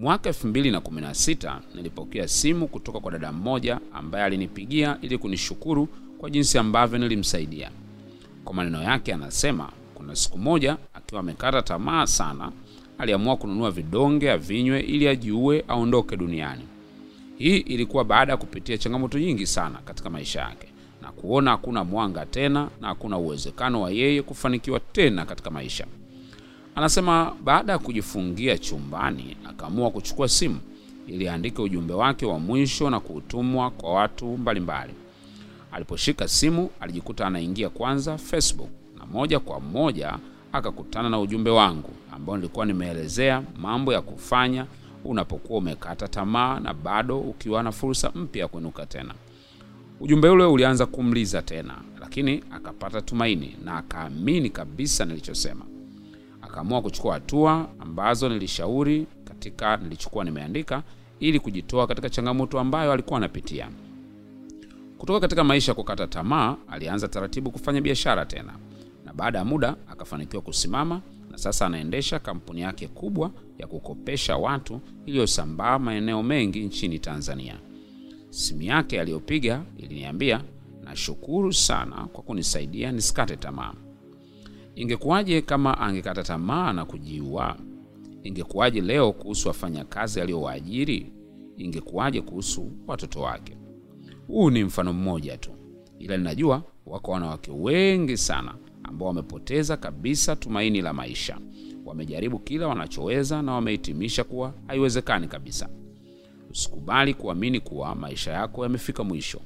Mwaka 2016 nilipokea simu kutoka kwa dada mmoja ambaye alinipigia ili kunishukuru kwa jinsi ambavyo nilimsaidia. Kwa maneno yake, anasema kuna siku moja akiwa amekata tamaa sana, aliamua kununua vidonge avinywe ili ajiue, aondoke duniani. Hii ilikuwa baada ya kupitia changamoto nyingi sana katika maisha yake na kuona hakuna mwanga tena na hakuna uwezekano wa yeye kufanikiwa tena katika maisha. Anasema baada ya kujifungia chumbani, akaamua kuchukua simu ili aandike ujumbe wake wa mwisho na kuutumwa kwa watu mbalimbali. Aliposhika simu, alijikuta anaingia kwanza Facebook na moja kwa moja akakutana na ujumbe wangu ambao nilikuwa nimeelezea mambo ya kufanya unapokuwa umekata tamaa na bado ukiwa na fursa mpya ya kuinuka tena. Ujumbe ule ulianza kumliza tena, lakini akapata tumaini na akaamini kabisa nilichosema akaamua kuchukua hatua ambazo nilishauri katika nilichukua nimeandika ili kujitoa katika changamoto ambayo alikuwa anapitia. Kutoka katika maisha kukata tamaa, alianza taratibu kufanya biashara tena, na baada ya muda akafanikiwa kusimama, na sasa anaendesha kampuni yake kubwa ya kukopesha watu iliyosambaa maeneo mengi nchini Tanzania. Simu yake aliyopiga iliniambia, nashukuru sana kwa kunisaidia nisikate tamaa. Ingekuwaje kama angekata tamaa na kujiua? Ingekuwaje leo kuhusu wafanyakazi aliyowaajiri Ingekuwaje kuhusu watoto wake? Huu ni mfano mmoja tu, ila ninajua wako wanawake wengi sana ambao wamepoteza kabisa tumaini la maisha. Wamejaribu kila wanachoweza na wamehitimisha kuwa haiwezekani kabisa. Usikubali kuamini kuwa maisha yako yamefika mwisho.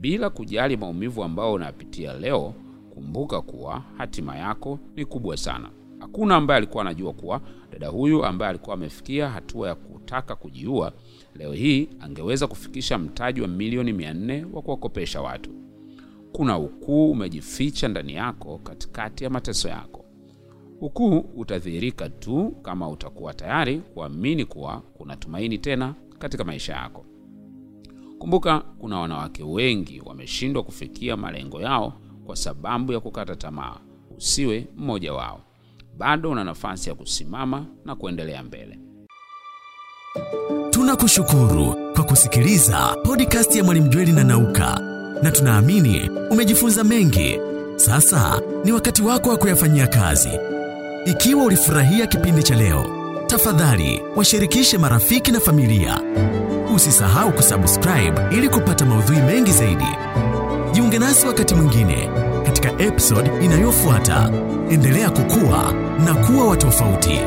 Bila kujali maumivu ambayo unayapitia leo, Kumbuka kuwa hatima yako ni kubwa sana. Hakuna ambaye alikuwa anajua kuwa dada huyu ambaye alikuwa amefikia hatua ya kutaka kujiua, leo hii angeweza kufikisha mtaji wa milioni mia nne wa kuwakopesha watu. Kuna ukuu umejificha ndani yako katikati ya mateso yako. Ukuu utadhihirika tu kama utakuwa tayari kuamini kuwa kuna tumaini tena katika maisha yako. Kumbuka, kuna wanawake wengi wameshindwa kufikia malengo yao kwa sababu ya kukata tamaa. Usiwe mmoja wao. Bado una nafasi ya kusimama na kuendelea mbele. Tunakushukuru kwa kusikiliza podcast ya Mwalimu Jweli na Nauka, na tunaamini umejifunza mengi. Sasa ni wakati wako wa kuyafanyia kazi. Ikiwa ulifurahia kipindi cha leo, tafadhali washirikishe marafiki na familia. Usisahau kusubscribe ili kupata maudhui mengi zaidi. Jiunge nasi wakati mwingine katika episodi inayofuata. Endelea kukua na kuwa wa tofauti.